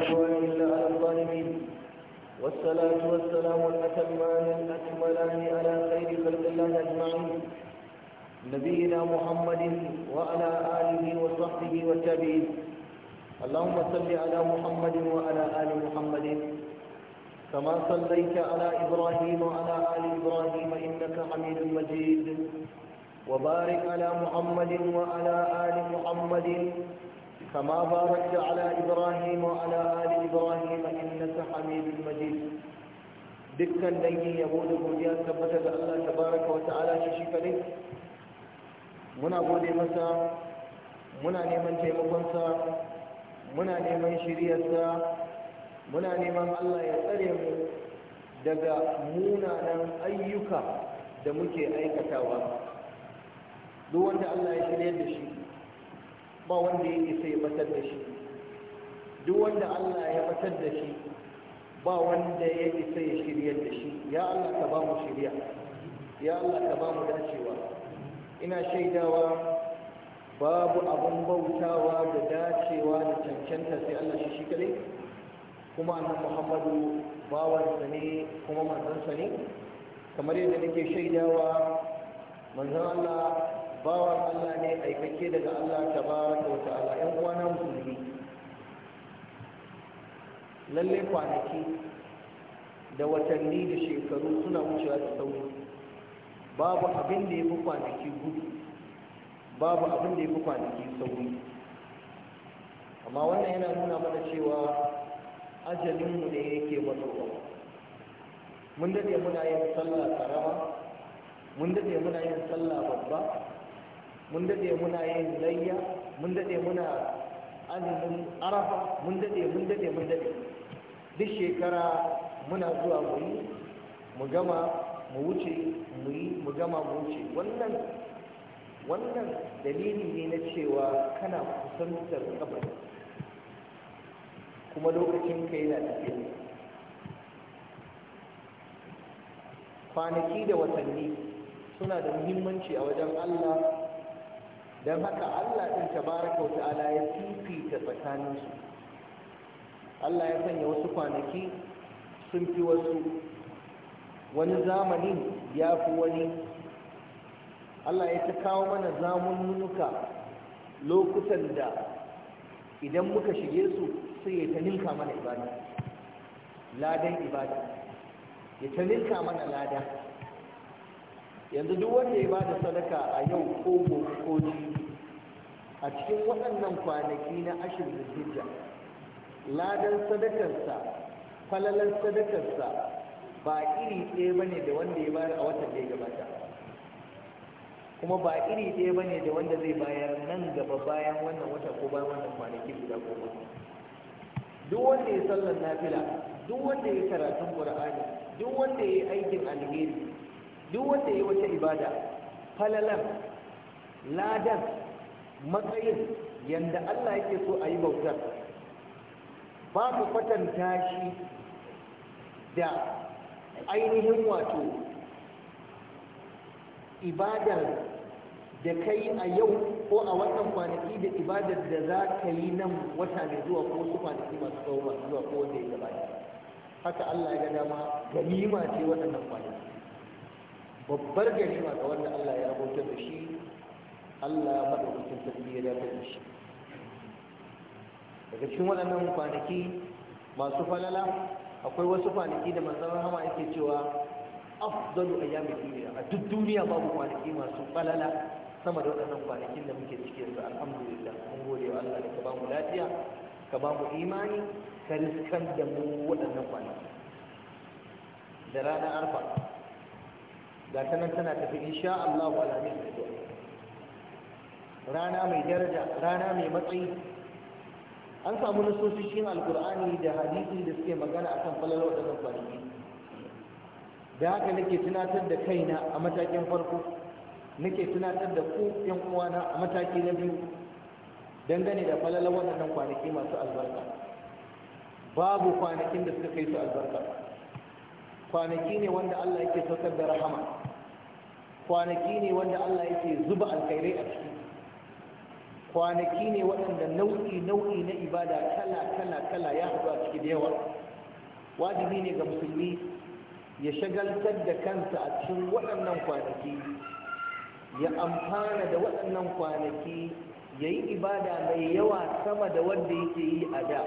عدوان إلا على الظالمين والصلاة والسلام الأتمان الأكملان على خير خلق الله أجمعين نبينا محمد وعلى آله وصحبه والتابعين اللهم صل على محمد وعلى آل محمد كما صليت على إبراهيم وعلى آل إبراهيم إنك حميد مجيد وبارك على محمد وعلى آل محمد كما باركت على إبراهيم وعلى آل إبراهيم إنك حميد مجيد dukkan dangi yabo da godiya tabbata da Allah tabaraka wa ta'ala shi shi kadai muna gode masa muna neman taimakonsa muna neman shiriyarsa muna neman Allah ya tsare daga munanan ayyuka da muke aikatawa duk wanda Allah ya shirya da shi ba wanda ya isa ya batar da shi duk wanda Allah ya batar da shi ba wanda ya isa ya shirya da shi ya Allah ka ba mu shirya ya Allah ka ba mu dacewa ina shaidawa babu abin bautawa da dacewa da cancanta sai Allah shi shi kadai kuma annan Muhammadu bawansa ne kuma manzansa ne kamar yadda nake shaidawa manzon Allah bawan Allah ne aikake daga Allah ta wata ala, 'yan uwana musulmi lalle kwanaki da watanni da shekaru suna wucewa da sauri babu abin da ya fi kwanaki gudu babu abin da ya fi kwanaki sauri amma wannan yana nuna mana cewa ajalinmu ne yake matsowa mun daɗe muna yin sallah karama mun daɗe muna yin sallah babba mun dade muna yin layya mun dade muna azumin arafa mun dade mun dade mun dade duk shekara muna zuwa mu yi mu gama mu wuce mu yi mu gama mu wuce wannan wannan dalili ne na cewa kana kusantar kabari kuma lokacin ka yana tafiya kwanaki da watanni suna da muhimmanci a wajen Allah don haka Allah ɗin tabaraka wa ta'ala ya fifita tsakaninsu Allah ya sanya wasu kwanaki sun fi wasu wani zamanin ya fi wani Allah ya ta kawo mana zamunnuka lokutan da idan muka shige su sai ya ta ninka mana ibada ladan ibada ya ta mana lada yanzu duk wanda ya bada sadaka a yau ko gobe ko ji a cikin waɗannan kwanaki na ashirin da hijja ladan sadakarsa falalar sadakarsa ba iri ɗaya bane da wanda ya bayar a watan da ya gabata kuma ba iri ɗaya bane da wanda zai bayar nan gaba bayan wannan wata ko bayan wannan kwanaki guda goma duk wanda ya sallar nafila duk wanda ya karatun qur'ani duk wanda ya aikin alheri duk wanda ya wata ibada falalar ladan matsayin yadda Allah yake so a yi bautar ba mu kwatanta shi da ainihin wato ibadar da ka yi a yau ko a wannan kwanaki da ibadar da za ka yi nan wata mai zuwa ko su kwanaki masu tsawo masu zuwa ko wanda ya gabata haka Allah ya dama ganima ce waɗannan kwanaki babbar ganima ga wanda Allah ya rabauta da shi Allah madaukakin sarki ya dace da shi daga cikin waɗannan kwanaki masu falala akwai wasu kwanaki da manzon rahama yake cewa afdalu ayyami duniya a duk duniya babu kwanaki masu falala sama da waɗannan kwanakin da muke cikin su alhamdulillah mun gode wa Allah da ka bamu lafiya ka bamu imani ka riskan da mu waɗannan kwanaki da ranar arfa ga ta nan tana tafi insha Allah wa alamin da rana mai daraja rana mai matsayi an samu nasoshi cikin alkur'ani da hadisi da suke magana akan falalar waɗannan kwanaki da haka nake tunatar da kaina a matakin farko nake tunatar da ku yan uwana a mataki na biyu dangane da falalar waɗannan kwanaki masu albarka babu kwanakin da suka kai su albarka kwanaki ne wanda Allah yake saukar da rahama kwanaki ne wanda Allah yake zuba alkhairai a ciki kwanaki ne waɗanda nau'i nau'i na ibada kala kala kala ya haɗu a ciki da yawa wajibi ne ga musulmi ya shagaltar da kansa a cikin waɗannan kwanaki ya amfana da waɗannan kwanaki ya yi ibada mai yawa sama da wanda yake yi a da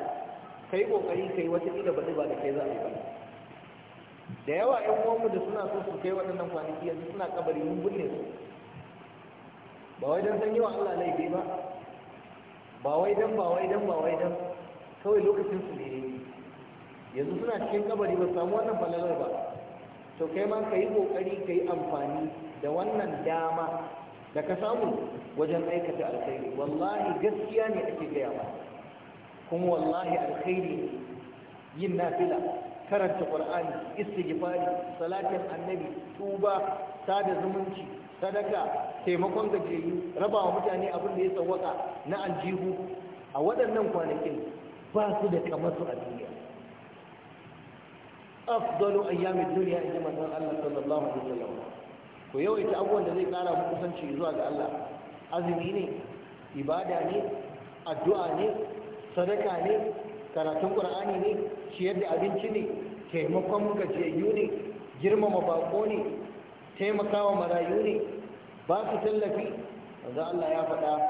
ka yi ƙoƙari ka yi wata ƙila baɗi ba da kai za a yi da yawa ‘yan uwanmu da suna so su kai waɗannan kwanaki yanzu suna kabari mun binne su ba wai don san yawan Allah laifi ba ba wai dan ba wai dan ba wai dan kawai lokacin su ne yanzu suna cikin kabari ba samu wannan falalar ba to kai ma kayi kokari amfani da wannan dama da ka samu wajen aikata alkhairi wallahi gaskiya ne ake gaya ba kuma wallahi alkhairi yin nafila karanta qur'ani istighfari salatin annabi tuba sada zumunci sadaka taimakon gajiyayyu raba wa mutane abin da ya tsawaka na aljihu a waɗannan kwanakin ba su da kamar su a duniya afdalu ayyamin duniya in ji manzon Allah sallallahu alaihi wasallam ku yawaita abubuwan da zai kara muku kusanci zuwa ga Allah azumi ne ibada ne addu'a ne sadaka ne karatun qur'ani ne ciyar da abinci ne taimakon gajiyayyu ne girmama bako ne taimakawa marayu ne ba su tallafi wanda Allah ya faɗa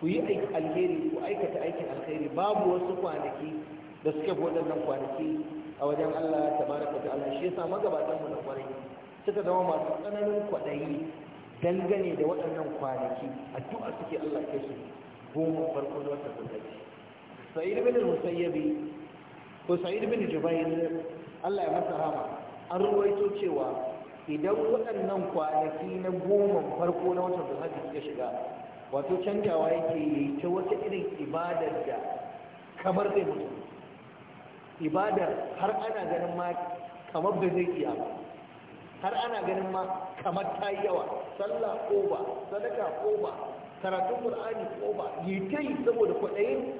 ku yi aikin alheri ku aikata aikin alheri babu wasu kwanaki da suke waɗannan kwanaki a wajen Allah ya tabaraka ta'ala shi yasa magabatan mu na kwarai suka zama masu tsananin kwaɗayi dangane da waɗannan kwanaki addu'a suke Allah ya su goma farko da wata kullaci sa'id bin al-musayyabi ko sa'id bin jubayr Allah ya masa rahama an ruwaito cewa idan waɗannan kwanaki na goma farko na watan zulhajji ya shiga wato canjawa yake yi ta wata irin ibadar da kamar zai mutu ibadar har ana ganin ma kamar da zai iya ba har ana ganin ma kamar ta yi yawa sallah ba, sadaka ko ba, karatun qur'ani ba yi ta yi saboda kwaɗayin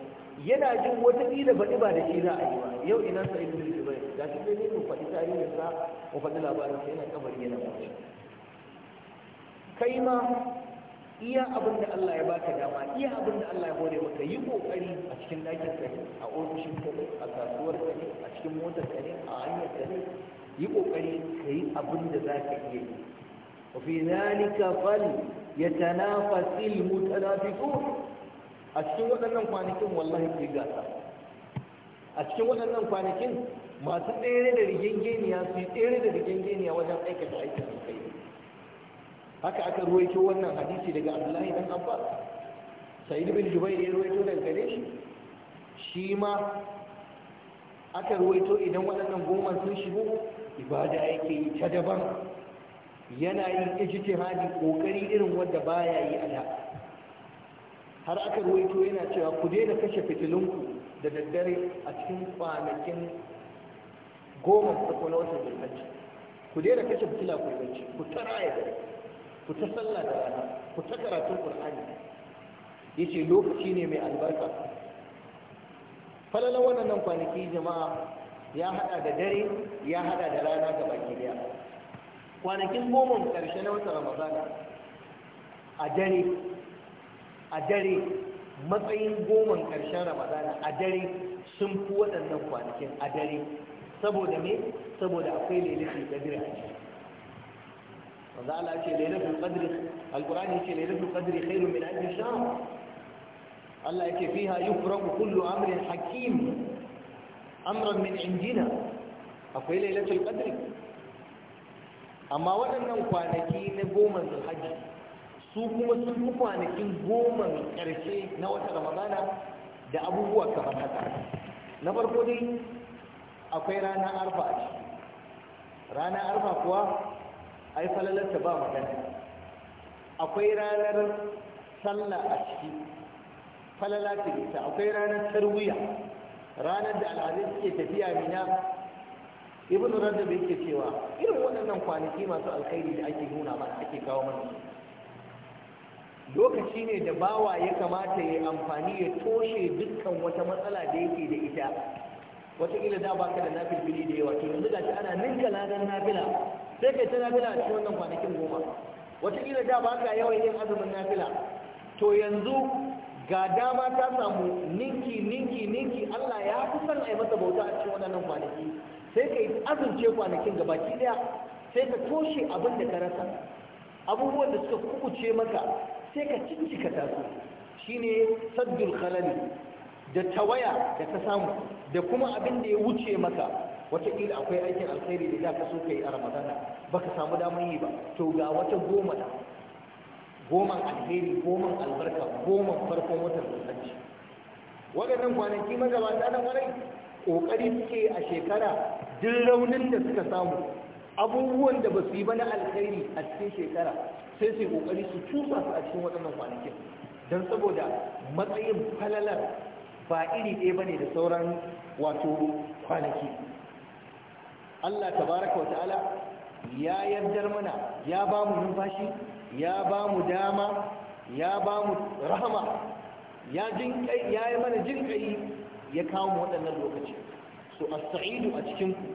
yana jin wata ƙila baɗi ba da shi za a yi ba yau ina sa'in ibn ga shi sai mu faɗi tarihinsa mu faɗi labarin sai yana kabari yana mace kai ma iya abin da Allah ya baka dama iya abin da Allah ya hore maka yi kokari a cikin dakin ka ne a ofishin ka ne a kasuwar ka ne a cikin motar ka ne a hanyar ka ne yi kokari ka yi abin da za ka iya yi wa fi zalika fal yatanafasil mutanafiqun a cikin waɗannan kwanakin wallahi ku gasa a cikin waɗannan kwanakin masu tsere da geniya su yi tsere da geniya wajen aikata aikin kai haka aka ruwaito wannan hadisi daga abdullahi dan abbas sa'id bin jubair ya ruwaito da gare shi shi ma aka ruwaito idan waɗannan goma sun shigo ibada yake yi ta daban yana yin ijtihadi kokari irin wanda baya yi ala har aka ruwaito yana cewa ku daina kashe fitilunku da daddare a cikin kwanakin goma farko na watan zulhajji ku dera kashe fitila ku yi ku ta raya da ku ta sallah da rana ku ta karatun qur'ani yace lokaci ne mai albarka falalan wannan kwanaki jama'a ya hada da dare ya hada da rana ga baki daya kwanakin goma karshe na watan ramadana a dare a dare matsayin goma karshen ramadana a dare sun fi waɗannan kwanakin a dare saboda me saboda akwai lailatul qadr a ciki wanda Allah ce lailatul qadr alqur'ani ce lailatul qadr khairun min alf shahr Allah yake fiha yufraqu kullu amrin hakim amran min indina akwai lailatul qadr amma waɗannan kwanaki na goma zulhajji su kuma sun fi kwanakin goma ƙarshe na wata ramadana da abubuwa kamar haka na farko dai akwai ranar arfa a ciki ranar arfa kuwa ai falalarta ba magana akwai ranar sallah a ciki falala ta ita akwai ranar tarwiya ranar da al'adun suke tafiya mina ibn rajab yake cewa irin waɗannan kwanaki masu alkhairi da ake nuna ba ake kawo mana lokaci ne da bawa ya kamata ya amfani ya toshe dukkan wata matsala da yake da ita wataƙila da baka da nafilfili da yawa to yanzu gashi ana ninka ladan nafila sai kai ta nafila a cikin wannan kwanakin goma wataƙila da baka yawan yin azumin nafila to yanzu ga dama ta samu ninki ninki ninki Allah ya fi son a yi masa bauta a cikin wannan kwanaki sai ka azumce kwanakin baki daya sai ka toshe abin da ka rasa abubuwan da suka kukuce maka sai ka ka tasu shine saddul khalali da tawaya da ka samu da kuma abin da ya wuce maka wataƙila akwai aikin alkhairi da za ka so ka yi a ramadana ba ka samu damar yi ba to ga wata goma da goman alheri goman albarka goman farkon watan tsanci waɗannan kwanaki magabata na warai ƙoƙari suke a shekara duk raunin da suka samu abubuwan da ba su yi ba na alkhairi a cikin shekara sai su yi ƙoƙari su cusa su a cikin waɗannan kwanakin don saboda matsayin falalar ba iri ɗaya ba da sauran wato kwanaki Allah tabaraka wa ta'ala ya yardar mana ya ba mu numfashi ya ba mu dama ya ba mu rahama ya yi mana jin kai ya kawo mu waɗannan lokaci su a saidu a cikinku.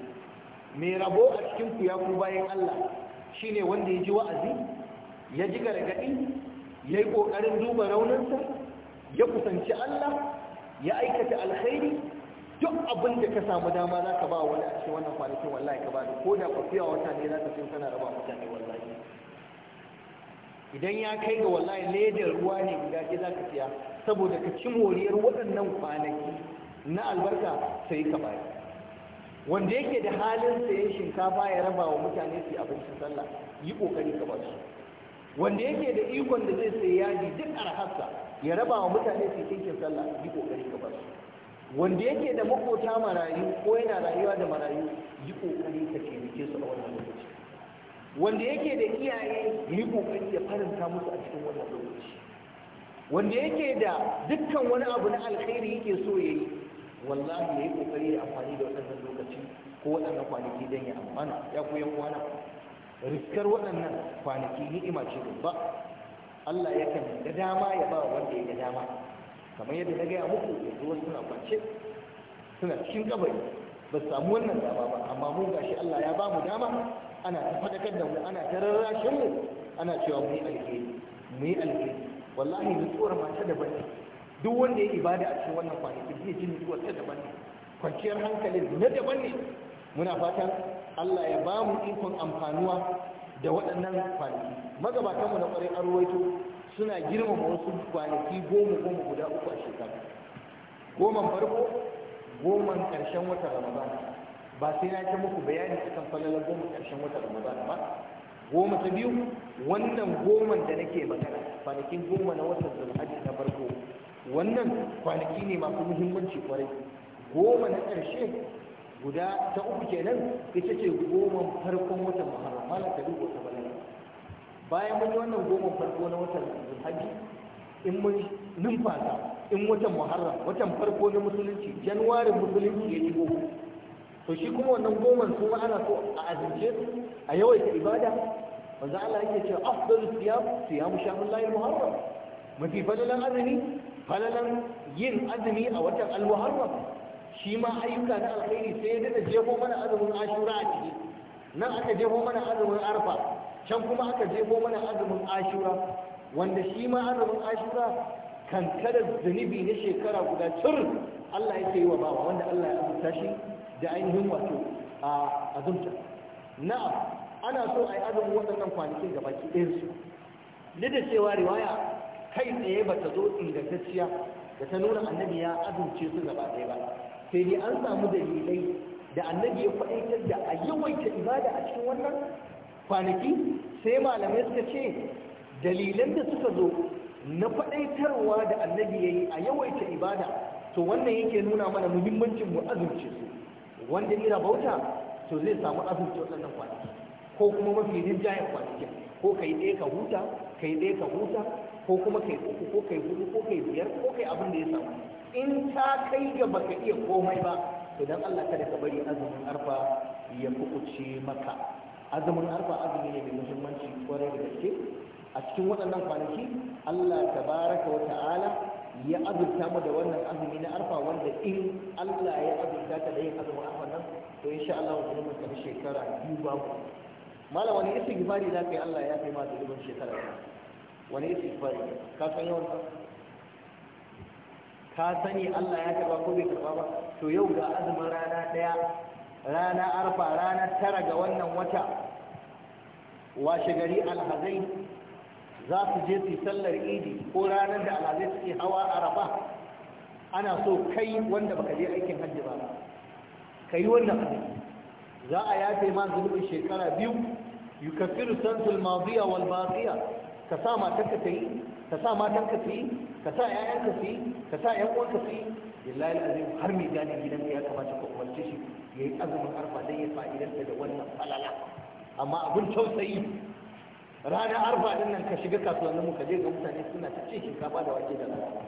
mai rabo a cikinku ya ku bayan Allah shi ne wanda ya ji wa'azi ya ji gargaɗi ya yi ƙoƙarin duba raunansa ya kusanci Allah ya aikata alkhairi duk abin da ka samu dama za ka ba wani a cikin wannan kwanaki wallahi ka ba da ko da kwafiya wata ne za ka sai tana raba mutane wallahi idan ya kai ga wallahi ledar ruwa ne guda ke za ka siya saboda ka ci moriyar waɗannan kwanaki na albarka sai ka bayar wanda yake da halin sayan shinkafa ya raba wa mutane su abincin sallah yi ƙoƙari ka ba su wanda yake da ikon da zai sai yaji duk arhasa ya raba wa mutane su kinkin sallah yi kokari ka basu wanda yake da makota marayu ko yana rayuwa da marayu yi kokari ka taimake su a wannan lokaci wanda yake da iyaye yi kokari ya faranta musu a cikin wannan lokaci wanda yake da dukkan wani abu na alkhairi yake so ya yi, wallahi ya yi kokari da amfani da wannan lokaci ko waɗannan kwanaki don ya amfana ya koyan kwana riskar waɗannan kwanaki ni'ima ce babba Allah ya kan da dama ya ba wanda ya dama kamar yadda na gaya muku yanzu wasu suna kwance suna cikin kabari ba su samu wannan dama ba amma mun gashi Allah ya ba mu dama ana ta fadakar da mu ana ta rarrashin mu ana cewa mu yi alheri mu yi alheri wallahi nutsuwar mata daban ne duk wanda ya ibada a cikin wannan kwanaki zai ji nutsuwar ta daban ne kwanciyar hankalin na daban ne muna fatan Allah ya ba mu ikon amfanuwa da waɗannan kwanaki magabatanmu na ƙwarin arwaito suna girmama wasu kwanaki goma goma guda uku a shekara goman farko goman ƙarshen wata ramadan ba sai na ce muku bayani akan falalar goma ƙarshen wata ramadan ba goma ta biyu wannan goman da nake magana kwanakin goma na watan zulhaji na farko wannan kwanaki ne masu muhimmanci ƙwarai. goma na ƙarshe guda ta uku kenan ita ce goma farkon watan muharram malam ta duba ta balaga bayan mun wannan goma farko na watan zulhaji in mun numfasa in watan muharram watan farko na musulunci januwarin musulunci ya goma. to shi kuma wannan goma su ana so a azince su a yawaita ibada manzo Allah yake cewa afdalu siyam siyam shahrullahi muharram mafi falalan azumi falalan yin azumi a watan al-muharram shi ma ayyuka na alkhairi sai ya dada jefo mana azumin ashura a ciki nan aka jefo mana azumin arfa can kuma aka jefo mana azumin ashura wanda shi ma azumin ashura kan kada zunubi na shekara guda cir Allah ya yi wa bawa wanda Allah ya azurta shi da ainihin wato a azumta na'am ana so a yi azumin waɗannan kwanakin gaba ki ɗayansu duk da cewa riwaya kai tsaye ba ta zo ingantacciya da ta nuna annabi ya azumce su gaba ɗaya ba sai dai an samu dalilai da annabi ya faɗaitar da a yawaita ibada a cikin wannan kwanaki sai malamai suka ce dalilan da suka zo na faɗaitarwa da annabi ya yi a yawaita ibada to wannan yake nuna mana muhimmancin mu azumce su wanda ira bauta to zai samu azumce wannan kwanaki ko kuma mafi rinjayen kwanaki ko kai ɗaya ka huta kai ɗaya ka huta ko kuma kai uku ko kai hudu ko kai biyar ko kai abin da ya samu in ta kai ga baka iya komai ba to dan Allah kada ka bari azumin arfa ya kukuce maka azumin arfa azumi ne mai muhimmanci kwarai da gaske a cikin waɗannan kwanaki Allah tabaraka wa ta'ala ya azurta mu da wannan azumi na arfa wanda in Allah ya azurta ka da yin azumin arfa nan to insha Allah mu mun tafi shekara biyu ku. malam wani istighfari za ka yi Allah ya kai ma da shekara wani istighfari ka san yawan ka sani Allah ya karba ko bai karba ba to yau ga azumin rana daya rana arfa rana tara ga wannan wata washe gari alhazai za su je su sallar idi ko ranar da alhazai suke hawa arafa ana so kai wanda baka je aikin hajji ba yi wannan abin za a yafe ma zunubin shekara biyu yukaffiru santul madiya wal baqiya ka sa matarka ta yi ka sa matan ka fi ka sa ƴaƴan ka fi ka sa ƴan uwan ka fi yi billahi alazim har mai gane gidan ya kamata ka umarce shi ya yi azumin arfa dan ya fa'idar da wannan falala amma abun tausayi ranar arfa din nan ka shiga kasuwannin mu ka je ga mutane suna ta ce shinkafa da wake da rana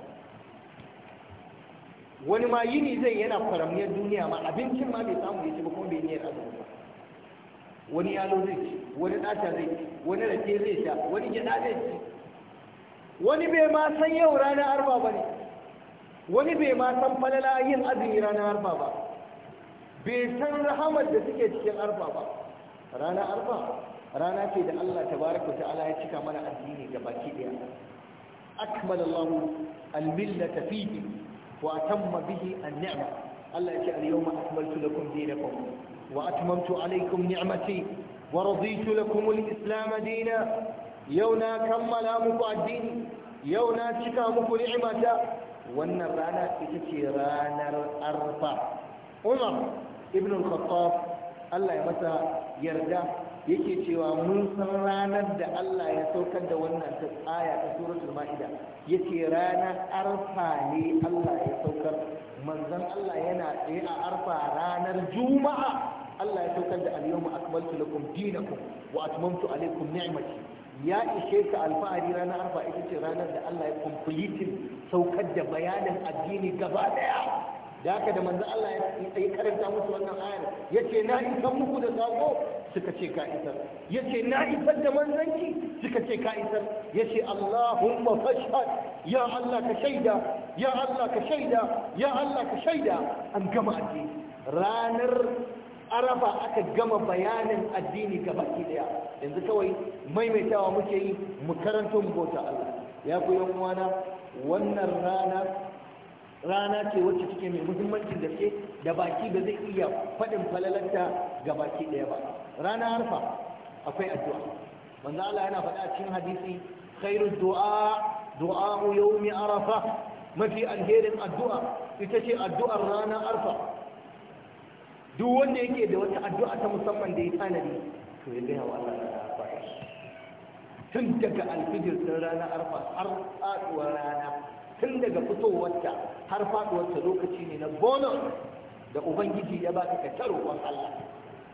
wani ma yini zai yana faramiyar duniya ma abincin ma bai samu ya ci ba kuma bai niyyar azumi ba wani yalo zai ci wani ɗata zai ci wani rake zai sha wani gyaɗa zai ci wani bai ma san yau ranar arba ba ne wani bai ma san falala yin azumi ranar arba ba bai san rahamar da suke cikin arba ba ranar arba rana ce da Allah tabaraka ta'ala ya cika mana addini ga baki daya akmala Allahu al-millata fihi wa atamma bihi an-ni'ma Allah ya ce al-yawma akmaltu lakum dinakum wa atmamtu alaykum ni'mati wa raditu lakum al-islam dinan yau na kammala muku addini yau na cika muku ni'imata wannan rana ita ce ranar arfa umar ibn al-khattab Allah ya masa yarda yake cewa mun san ranar da Allah ya saukar da wannan ta aya ta suratul ma'ida yace ranar arfa ne Allah ya saukar manzon Allah yana tsaye a arfa ranar juma'a Allah ya saukar da al-yawma akmaltu lakum dinakum wa atmamtu alaykum ni'mati ya ishe ka alfahari ranar arfa ita ce ranar da Allah ya kumfulitin saukar da bayanin addini gaba daya da haka da manzo Allah ya karanta musu wannan ayar yace na isar muku da sako suka ce ka isar yace na isar da manzanki suka ce ka isar yace Allahumma fashhad ya Allah ka shaida ya Allah ka shaida ya Allah ka shaida an gama addini ranar araba aka gama bayanin addini ga baki daya yanzu kawai maimaitawa muke yi mu karanto mu bauta Allah ya ku yan uwana wannan rana rana ce wacce take mai muhimmancin ke da baki ba zai iya faɗin falalarta ga baki ɗaya ba rana arfa akwai addu'a manzo Allah yana faɗa cikin hadisi khairu du'a du'a yawmi arafa mafi alherin addu'a ita ce addu'ar rana arfa duk wanda yake da wata addu'a ta musamman da ya tanadi to ya gaya wa Allah na arfa tun daga alfijir sun rana arfa har faduwar rana tun daga fitowarta har faduwarta lokaci ne na bonus da ubangiji ya ba ka wa Allah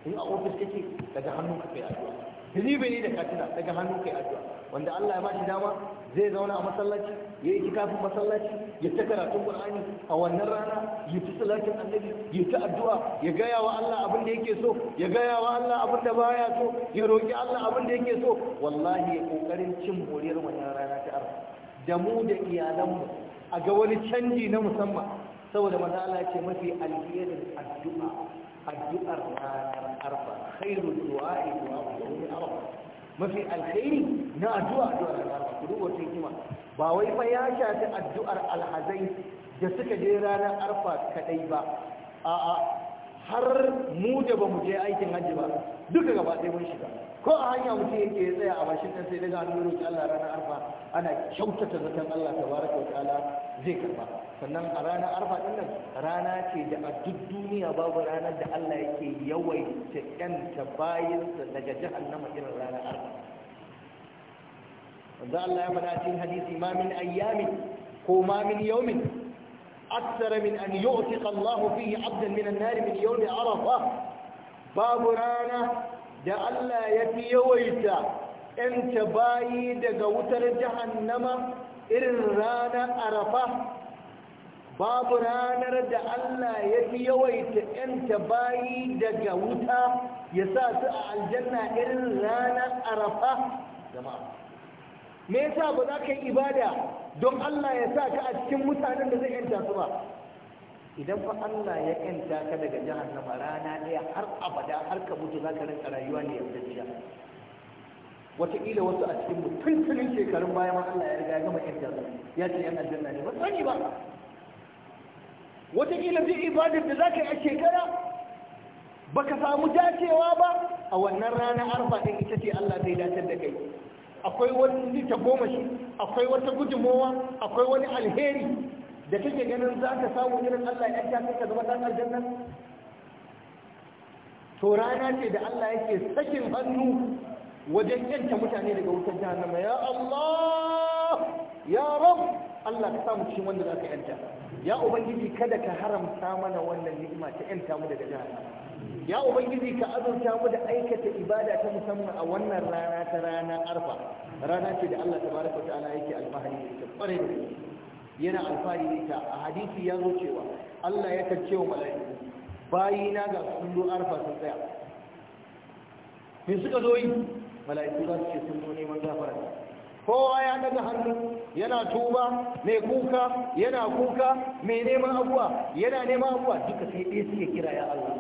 in a ofis kake daga hannun ka kai addu'a bilibili da katina daga hannu kai addu'a wanda Allah ya bashi dama zai zauna a masallaci ya yi kafin masallaci ya ta karatun Qur'ani a wannan rana ya ci salatin annabi ya ta addu'a ya gaya wa Allah abin da yake so ya gaya wa Allah abin da baya so ya roki Allah abin da yake so wallahi ya kokarin cin moriyar wannan rana ta arfa da mu da iyalanmu a ga wani canji na musamman saboda manzo Allah ya ce mafi alherin addu'a addu'ar ranar arba khairu du'a du'a yawm arba mafi alkhairi na addu'a addu'ar ranar arba ku duba cikin kima ba wai fa ya shafi addu'ar alhazai da suka je ranar arfa kadai ba a'a har mu da bamu je aikin hajji ba duka gaba ɗaya mun shiga ko a hanya mutum yake ya tsaya a bashin nan sai daga hannun roƙi Allah ranar arfa ana kyautata zaton Allah tabaraka wa ta'ala zai karba sannan a ranar arfa din nan rana ce da a duk duniya babu ranar da Allah yake yawaita kanta bayansa daga jahannama irin ranar arfa wanda Allah ya faɗa cikin hadisi ma min ayyamin ko ma min yawmin أكثر من أن يعتق الله فيه عبدا من النار من يوم عرفة باب رانا da Allah ya fi yawaita ‘yanta bayi daga wutar jahannama irin ranar arafa babu ranar da Allah ya fi yawaita ‘yanta bayi daga wuta ya sa su a aljanna irin ranar arafa jama'a me yasa ba za ka yi ibada don Allah ya sa ka a cikin mutanen da zai ‘yanta su ba idan fa Allah ya yanta ka daga jahannama rana ɗaya har abada har ka mutu za ka rinka rayuwa ne yaudacciya wataƙila wasu a cikin mutuntunin shekarun baya ma Allah ya riga ya gama yanta ya ce yan aljanna ne ba sani ba wataƙila duk ibadar da za ka yi a shekara ba ka samu dacewa ba a wannan rana arfa ɗin ita ce Allah zai dace da kai akwai wani ta goma shi akwai wata gudunmowa akwai wani alheri da kake ganin za ka samu irin Allah ya ta ka zama dan aljanna to rana ce da Allah yake sakin hannu wajen yanta mutane daga wutar jahannama ya Allah ya Rabb Allah ka samu cikin wanda za ka yanta ya ubangiji kada ka haramta mana wannan ni'ima ta yanta mu daga jahannama ya ubangiji ka azurta mu da aikata ibada ta musamman a wannan rana ta rana arfa rana ce da Allah tabaraka wa ta'ala yake alfahari da ta kwarai da gaske yana alfahari da ita a hadisi ya zo cewa Allah ya tace wa mala'iku na ga sun zo arfa sun tsaya sai suka zo yi mala'iku za su ce sun zo neman gafara kowa ya daga hannu yana tuba mai kuka yana kuka mai neman abuwa yana neman abuwa duka sai ɗaya suke kira ya Allah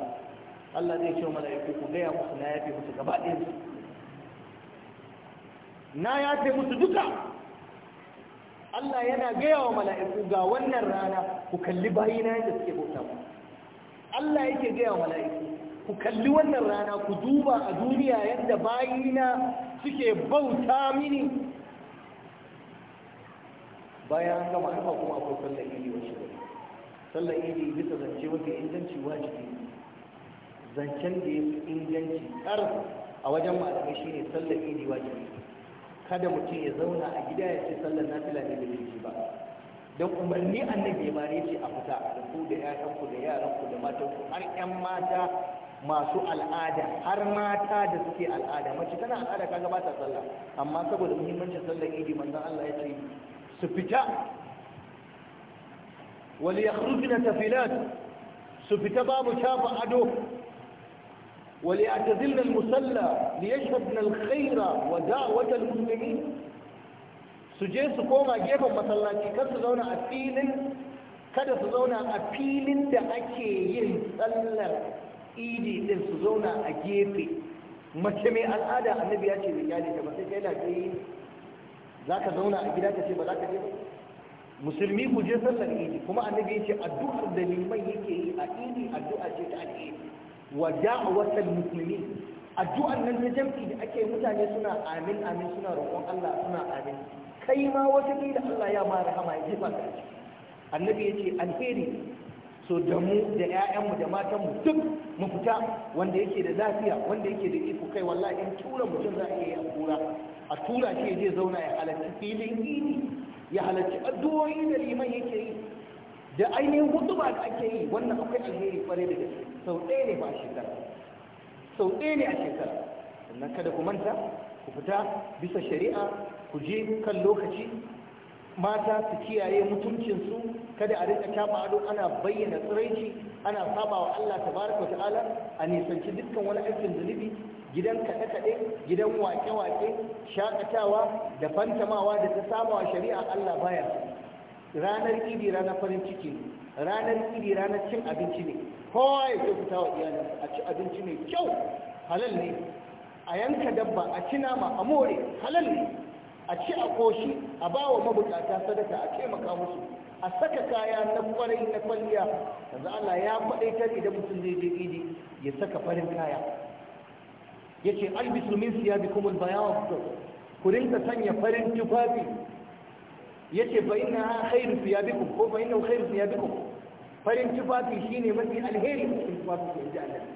Allah zai ce wa mala'iku ku gaya musu na yafe musu gaba ɗaya na yafe musu duka Allah yana gaya wa mala'iku ga wannan rana ku kalli bayina yadda suke bauta mu Allah yake gaya wa mala'iku ku kalli wannan rana ku duba a duniya yadda bayina suke bauta mini bayan an gama haka kuma akwai sallar idi wa shirin sallar idi bisa zance wata inganci wajibi zancen da ya fi inganci kar a wajen malamai shine sallar idi wajibi kada mutum ya zauna a gida ya ce sallar nafila ne bai yi ba don umarni annabi ya ne ce a fita da ku da ƴaƴanku da yaranku da matanku har 'yan mata masu al'ada har mata da suke al'ada mace tana al'ada ka ba ta sallah amma saboda muhimmancin sallar idi manzon Allah ya ce su fita wal yakhrujna tafilat su fita babu shafa ado وليعتزلن المسلى ليشهدن الخير ودعوة المسلمين سجي su koma gefen masallaci kar su zauna a filin kada su zauna a filin da ake yin tsallar idi din su zauna a gefe mace mai al'ada annabi ya ce bai gane ta ba sai kai lafiya za ka zauna a gida ka ce ba za ka je ba musulmi ku je sallar idi kuma annabi ya ce addu'ar da liman yake yi a idi addu'a ce ta alheri wa da'awatal muslimin addu'an nan ta jam'i da ake mutane suna amin amin suna roƙon Allah suna amin kai ma wata ne da Allah ya ba rahama ya jefa ka annabi ya ce alheri so da mu da 'ya'yanmu da matanmu duk mu fita wanda yake da lafiya wanda yake da iko kai wallahi in tura mutum za a iya yi kura a tura shi zai zauna ya halarci filin gini, ya halarci addu'o'i da liman yake yi da ainihin hutuba da ake yi wannan akwai alheri kwarai da gaske sau ɗaya ne ba a shekara sau ɗaya ne a shekara sannan kada ku manta ku fita bisa shari'a ku je kan lokaci mata su kiyaye mutuncinsu kada a rika kama ado ana bayyana tsiraici ana saba wa Allah tabaraka ta'ala a nisanci dukkan wani aikin zunubi gidan kaɗe-kaɗe gidan wake-wake shakatawa da fantamawa da ta samawa shari'a Allah baya ranar idi ranar farin ciki ne ranar idi ranar cin abinci ne kowa ya ce fita wa iyalinsa a ci abinci mai kyau halal ne a yanka dabba a ci nama a more halal ne a ci a koshi a ba wa mabukata sadaka a taimaka musu a saka kaya na kwarai na kwalliya yanzu Allah ya faɗaitar idan mutum zai je idi ya saka farin kaya yake albisu min siyabikum bayawa ku rinka sanya farin tufafi yace fa inna khairu thiyabikum ko fa inna khairu farin tufafi shine mafi alheri cikin tufafi da Allah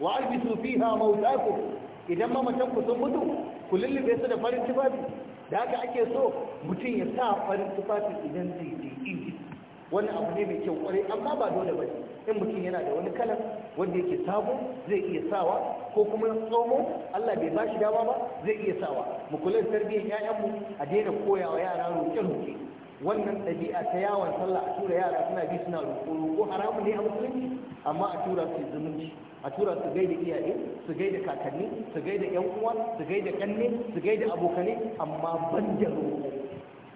wa albisu fiha mawtakum idan mamatan ku sun mutu ku lullube su da farin tufafi da haka ake so mutum ya sa farin tufafi idan zai je wannan abu ne mai kyau kwarai amma ba dole ba in mutum yana da wani kalan wanda yake sabo zai iya sawa ko kuma tsomo Allah bai bashi dama ba zai iya sawa mu kula da tarbiyyar ƴaƴanmu a daina koya wa yara roƙe roƙe wannan ɗabi'a ta yawon sallah a tura yara suna bi suna roƙo roƙo haramun ne a musulunci amma a tura su zumunci a tura su gaida iyaye su gaida kakanni su gaida yan uwa su gaida kanne su gaida abokanai amma ban da roƙo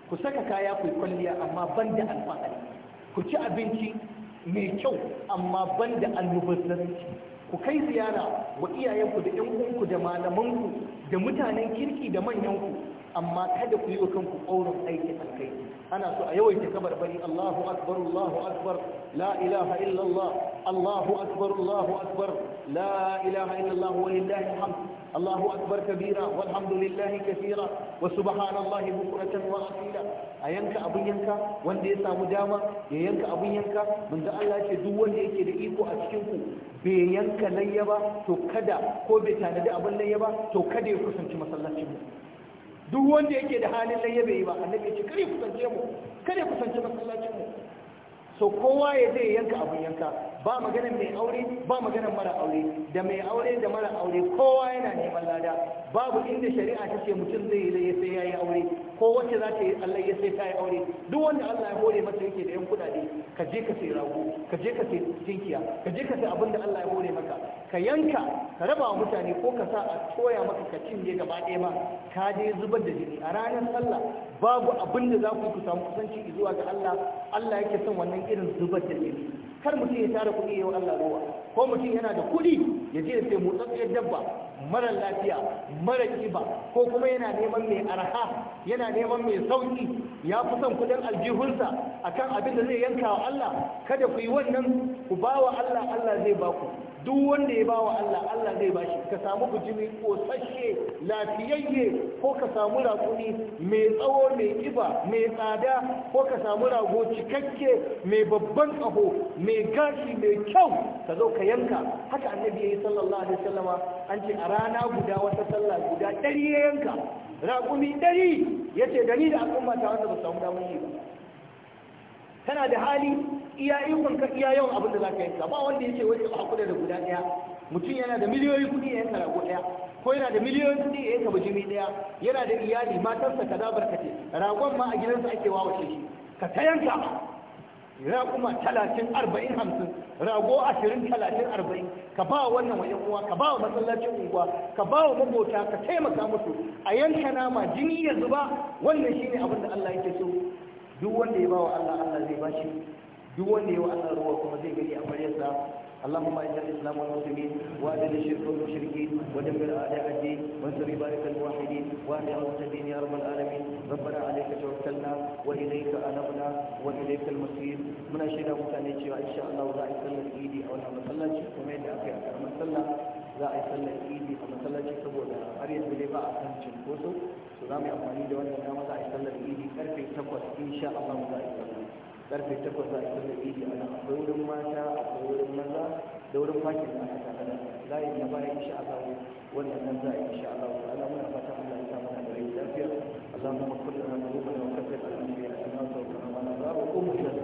ku saka kaya ku kwalliya amma ban da alfahari ku ci abinci mai kyau amma ban banda almubazzaranci ku kai ziyara wa iyayenku da ƴan uwanku da malamanku da mutanen kirki da manyanku amma kada ku yi wa kanku ƙaurin aiki alkai ana so a yawaita kabar bari Allahu akbar Allahu akbar la ilaha illallah Allahu akbar Allahu akbar la ilaha illallah walillahi alhamd الله أكبر كبيرا والحمد لله كثيرا وسبحان الله بكرة وأصيلا أينك أبينك وندي سامداما يينك أبينك من ذا الله تدوان يكي لإيكو أتكنكو بينك ليبا تكدا كو بتاند أبن ليبا تكدا يكسن كما صلى الله duk wanda yake da halin layyabe ba annabi ya ce kare kusance mu kare kusance masallacin mu so kowa ya je yanka abun yanka ba maganar mai aure ba maganar mara aure da mai aure da mara aure kowa yana neman lada babu inda shari'a ta ce mutum zai yi sai ya yi aure ko wacce za ta yi Allah ya sai ta yi aure duk wanda Allah ya hore masa yake da yan kudade ka je ka sai rago ka je ka sai jinkiya ka je ka sai abin da Allah ya hore maka ka yanka ka raba wa mutane ko ka sa a toya maka ka cinye gaba ɗaya ma ka je zubar da jini a ranar sallah babu abin da za ku ku samu kusanci zuwa ga Allah Allah yake son wannan irin zubar da jini kar mutum ya tara kuɗi yau Allah ruwa ko mutum yana da kuɗi ya je sai motsatsiyar dabba mara lafiya mara kiba ko kuma yana neman mai arha yana neman mai sauki ya fi son kuɗin aljihunsa akan abin da zai yanka wa Allah kada ku yi wannan ku ba wa Allah Allah zai ba ku duk wanda ya bawa Allah Allah zai bashi ka samu bujimi sashe lafiyayye ko ka samu raƙumi mai tsawo mai kiba mai tsada ko ka samu rago cikakke mai babban ƙaho mai gashi mai kyau ka zo ka yanka haka annabi ya yi sallallahu alaihi wasallama an ce a rana guda wata sallah guda ɗari ya yanka raƙumi ɗari ya ce da da al'umma ta wanda ba samu damar ba tana da hali iya ikon ka iya yawan abin da za ka yanka ba wanda yake wani ba kuɗa da guda daya mutum yana da miliyoyi kuɗi ya yanka rago ɗaya ko yana da miliyoyin kuɗi ya yanka jini daya yana da iyali matarsa kaza barkace ragon ma a gidansa ake wawace shi ka ta yanka kuma talatin arba'in hamsin rago ashirin talatin arba'in ka ba wa wannan wa uwa ka ba wa masallacin unguwa ka ba wa mabota ka taimaka musu a yanka nama jini ya zuba wannan shine abin da Allah yake so duk wanda ya ba wa Allah Allah zai ba duk wanda ya ana Allah ruwa kuma zai gani a maryarsa اللهم اجعل الاسلام والمسلمين واذل الشرك والمشركين ودمر اعداء الدين وانصر عبادك الموحدين واهل المهتدين يا رب العالمين ربنا عليك توكلنا واليك انبنا واليك المصير من اشهد متاني cewa insha Allah za a yi sallar idi a wannan masallaci kuma yadda aka yi a karamar sallah za a yi sallar idi a masallaci saboda har yanzu dai ba a kan cinkoso so za mu yi amfani da wannan za a yi sallar idi karfe karfe takwas a cikin da idi a akwai wurin mata a wurin maza da wurin fakin da aka tafi da yi na baya insha Allah wannan nan za a insha Allah Allah muna fata Allah ya samu da rai lafiya Allahumma kullu lana dhunubana wa kaffir 'anna sayyi'atina wa tawallana ko mu shi